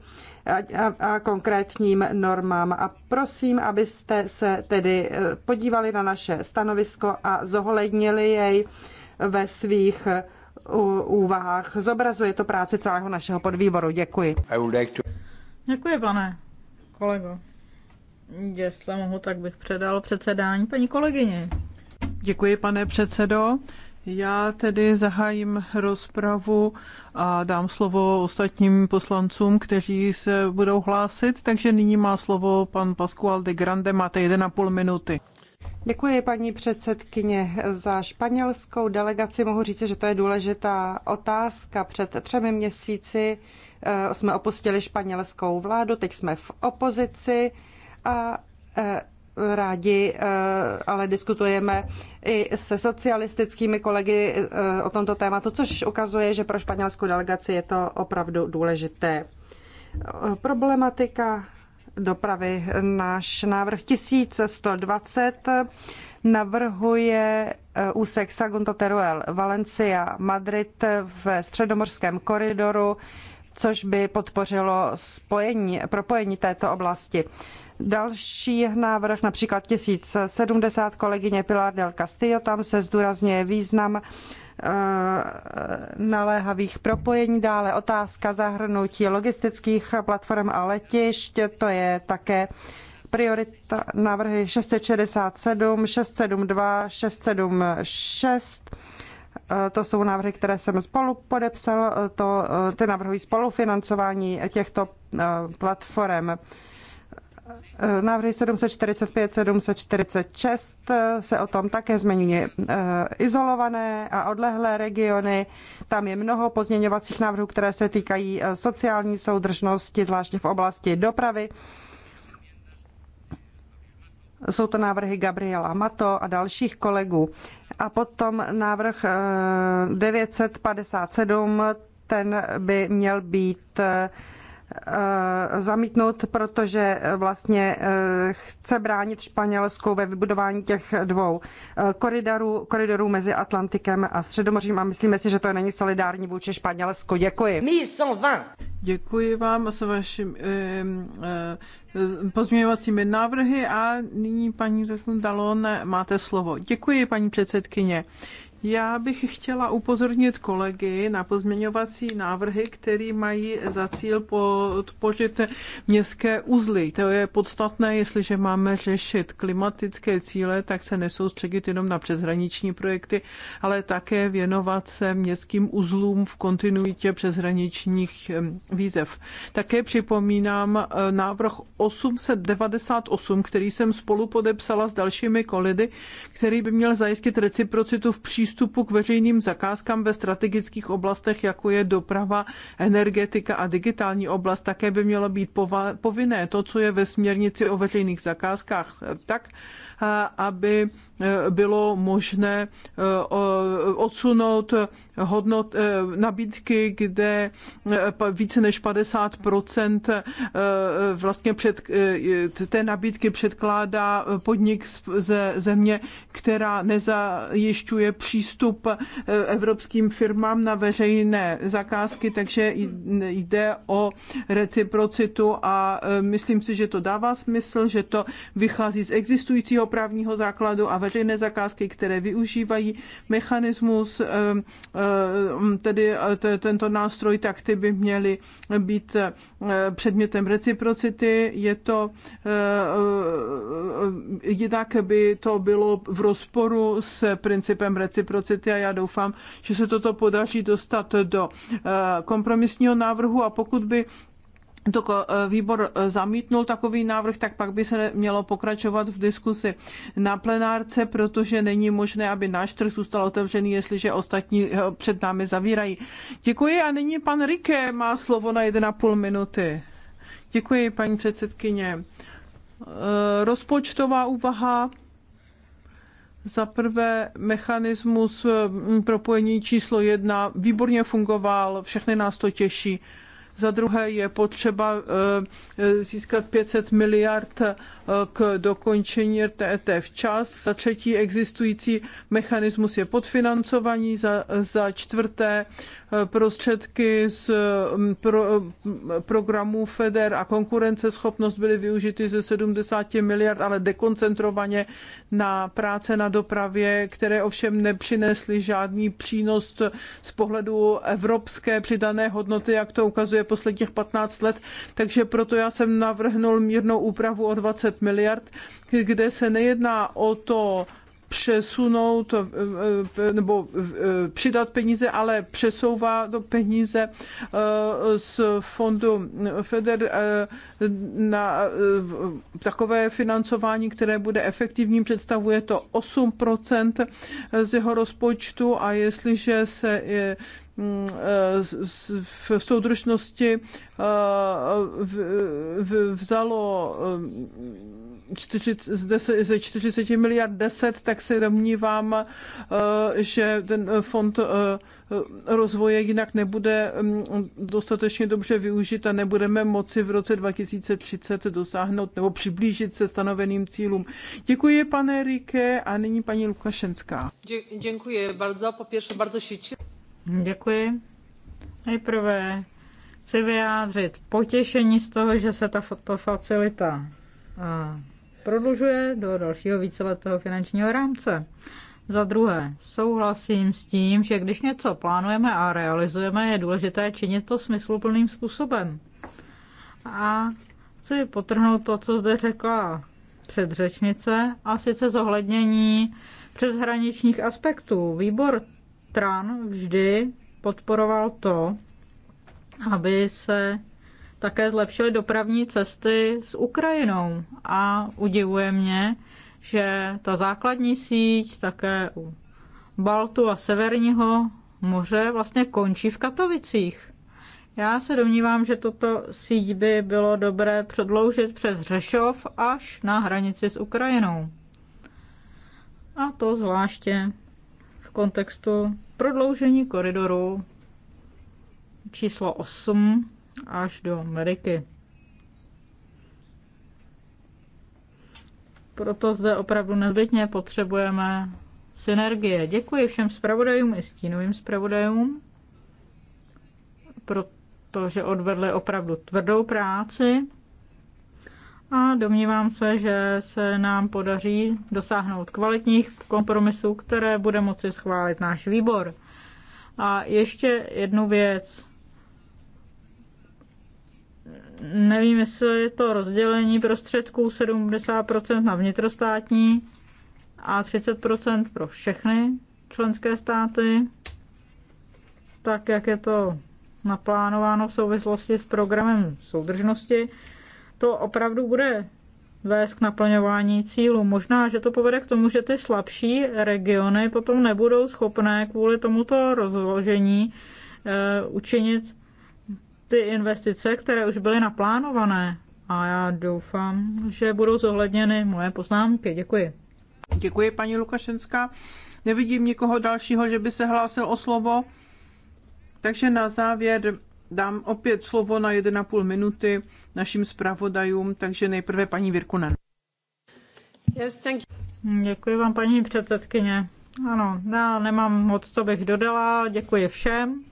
a, a konkrétním normám. A prosím, abyste se tedy eh, podívali na naše stanovisko a zohlednili jej ve svých eh, úvahách. Zobrazuje to práci celého našeho podvýboru. Děkuji. Děkuji, pane kolego. Jestli mohu, tak bych předal předsedání paní kolegyně. Děkuji, pane předsedo. Já tedy zahájím rozpravu a dám slovo ostatním poslancům, kteří se budou hlásit. Takže nyní má slovo pan Pascual de Grande, máte 1,5 minuty. Děkuji paní předsedkyně za španělskou delegaci. Mohu říct, že to je důležitá otázka. Před třemi měsíci eh, jsme opustili španělskou vládu, teď jsme v opozici a eh, rádi eh, ale diskutujeme i se socialistickými kolegy eh, o tomto tématu, což ukazuje, že pro španělskou delegaci je to opravdu důležité. Problematika dopravy. Náš návrh 1120 navrhuje eh, úsek Sagunto Teruel, Valencia, Madrid v středomorském koridoru, což by podpořilo spojení, propojení této oblasti. Další návrh, například 1070 kolegyně Pilar del Castillo, tam se zdůrazňuje význam eh, naléhavých propojení. Dále otázka zahrnutí logistických platform a letišť, to je také priorita návrhy 667, 672, 676. To jsou návrhy, které jsem spolu podepsal, eh, to, eh, ty navrhují spolufinancování těchto platform. Návrhy 745, 746 se o tom také zmiňuje. Eh, izolované a odlehlé regiony, tam je mnoho pozměňovacích návrhů, které se týkají eh, sociální soudržnosti, zvláště v oblasti dopravy. Jsou to návrhy Gabriela Mato a dalších kolegů. A potom návrh 957, eh, ten by měl být Eh, zamítnout, protože eh, vlastně eh, chce bránit Španělsku ve vybudování těch dvou koridorů, koridorů mezi Atlantikem a Středomořím a myslíme si, že to není solidární vůči Španělsku. Děkuji. Děkuji vám s vašimi pozměňovacími návrhy a nyní paní Dalon máte slovo. Děkuji, paní předsedkyně. Já bych chtěla upozornit kolegy na pozměňovací návrhy, které mají za cíl podpořit městské uzly. To je podstatné, jestliže máme řešit klimatické cíle, tak se nesoustředit jenom na přeshraniční projekty, ale také věnovat se městským uzlům v kontinuitě přeshraničních výzev. Také připomínám e, návrh 898, který jsem spolu podepsala s dalšími kolegy, který by měl zajistit reciprocitu v přístupu přístupu k veřejným zakázkám ve strategických oblastech, jako je doprava, energetika a digitální oblast, také by mělo být povinné to, co je ve směrnici o veřejných zakázkách, eh, tak, eh, aby bylo možné eh, odsunout hodnot eh, nabídky, kde eh, více než 50 vlastně před, té nabídky předkládá podnik ze země, která nezajišťuje přístup evropským firmám na veřejné zakázky, takže jde o reciprocitu a myslím si, že to dává smysl, že to vychází z existujícího právního základu a veřejné zakázky, které využívají mechanismus, eh, eh, tedy eh, tento nástroj, tak ty by měly být předmětem reciprocity. Je to, jinak by to bylo v rozporu s principem reciprocity a já doufám, že se toto podaří dostat do kompromisního návrhu a pokud by to eh, výbor eh, zamítnul takový návrh, tak pak by se mělo pokračovat v diskusi na plenárce, protože není možné, aby náš trh zůstal otevřený, jestliže ostatní eh, před námi zavírají. Děkuji a nyní pan Rike má slovo na 1,5 minuty. Děkuji, paní předsedkyně. Rozpočtová úvaha za prvé mechanismus propojení číslo jedna výborně fungoval, všechny nás to těší za druhé je potřeba eh, eh, získat 500 miliard k dokončení RTT e včas. Za třetí existující mechanismus je podfinancovaný. Za, za čtvrté eh, prostředky z mm, pro, mm, programů FEDER a konkurenceschopnost byly využity ze 70 miliard, ale dekoncentrovaně na práce na dopravě, které ovšem nepřinesly žádný přínos z pohledu evropské přidané hodnoty, jak to ukazuje posledních 15 let. Takže proto já jsem navrhnul mírnou úpravu o 20 20 miliard, kde se nejedná o to, přesunout eh, eh, nebo eh, přidat peníze, ale přesouvá to peníze z fondu FEDER na takové financování, které bude efektivní. Představuje to 8% z jeho rozpočtu a jestliže se v soudržnosti eh, vzalo 40, eh, ze 40 miliard 10, tak se domnívám, eh, že ten fond rozvoje jinak nebude mm, dostatečně dobře využit a nebudeme moci v roce 2030 dosáhnout nebo přiblížit se stanoveným cílům. Děkuji, pane Rike, a nyní paní Lukašenská. Děkuji bardzo. Po pierwsze, bardzo się Děkuji. Nejprve chci vyjádřit potěšení z toho, že se ta facilita prodlužuje do dalšího víceletého finančního rámce. Za druhé, souhlasím s tím, že když něco plánujeme a realizujeme, je důležité činit to smysluplným způsobem. A chci potrhnout to, co zde řekla předřečnice, a sice zohlednění přeshraničních aspektů. Výbor stran vždy podporoval to, aby se také zlepšily dopravní cesty s Ukrajinou. A udivuje mě, že ta základní síť také u Baltu a Severního moře vlastně končí v Katovicích. Já se domnívám, že toto síť by bylo dobré prodloužit přes Řešov až na hranici s Ukrajinou. A to zvláště v kontextu prodloužení koridoru číslo 8 až do Ameriky. Proto zde opravdu nezbytně potřebujeme synergie. Děkuji všem zpravodajům i stínovým zpravodajům, protože odvedli opravdu tvrdou práci a domnívám se, že se nám podaří dosáhnout kvalitních kompromisů, které bude moci schválit náš výbor. A ještě jednu věc. Nevím, jestli je to rozdělení prostředků 70% na vnitrostátní a 30% pro všechny členské státy, tak jak je to naplánováno v souvislosti s programem soudržnosti to opravdu bude vést k naplňování cílu. Možná, že to povede k tomu, že ty slabší regiony potom nebudou schopné kvůli tomuto rozložení e, učinit ty investice, které už byly naplánované. A já doufám, že budou zohledněny moje poznámky. Děkuji. Děkuji, paní Lukašenská. Nevidím nikoho dalšího, že by se hlásil o slovo. Takže na závěr dám opět slovo na 1,5 minuty našim zpravodajům, takže nejprve paní Virkunen. Yes, thank you. Děkuji vám, paní předsedkyně. Ano, já nemám moc, co bych dodala. Děkuji všem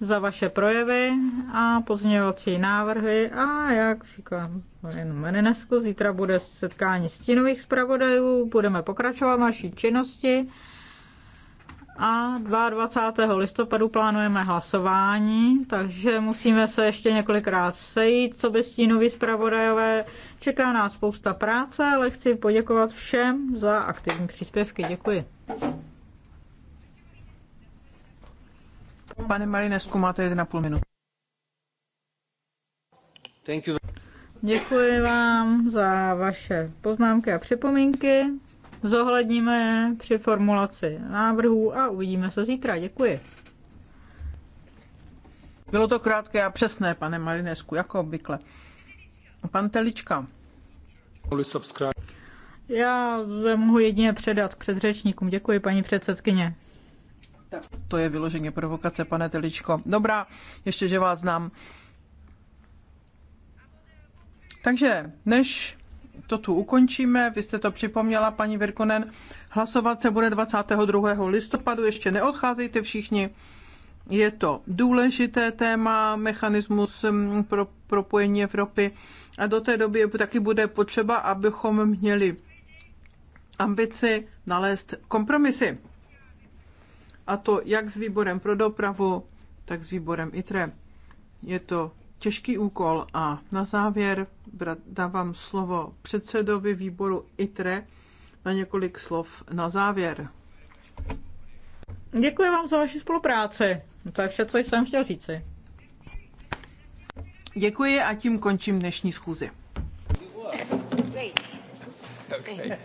za vaše projevy a pozměňovací návrhy a jak říkám, jenom Meninesku, zítra bude setkání stínových zpravodajů, budeme pokračovat naší činnosti. A 22. listopadu plánujeme hlasování, takže musíme se ještě několikrát sejít, co by stínoví zpravodajové. Čeká nás spousta práce, ale chci poděkovat všem za aktivní příspěvky. Děkuji. Pane Marinesku, máte půl minuty. Děkuji vám za vaše poznámky a připomínky. Zohledníme je při formulaci návrhů a uvidíme se zítra. Děkuji. Bylo to krátké a přesné, pane Marinesku, jako obvykle. Pan Telička. Já se mohu jedině předat k předřečníkům. Děkuji, paní předsedkyně. To je vyloženě provokace, pane Teličko. Dobrá, ještě, že vás znám. Takže, než to tu ukončíme. Vy jste to připomněla, paní Virkonen. Hlasovat se bude 22. listopadu. Ještě neodcházejte všichni. Je to důležité téma, mechanismus mm, pro propojení Evropy. A do té doby taky bude potřeba, abychom měli ambici nalézt kompromisy. A to jak s výborem pro dopravu, tak s výborem ITRE. Je to těžký úkol. A na závěr dávám slovo předsedovi výboru ITRE na několik slov na závěr. Děkuji vám za vaši spolupráci. To je vše, co jsem chtěl říci. Děkuji a tím končím dnešní schůzi. Okay.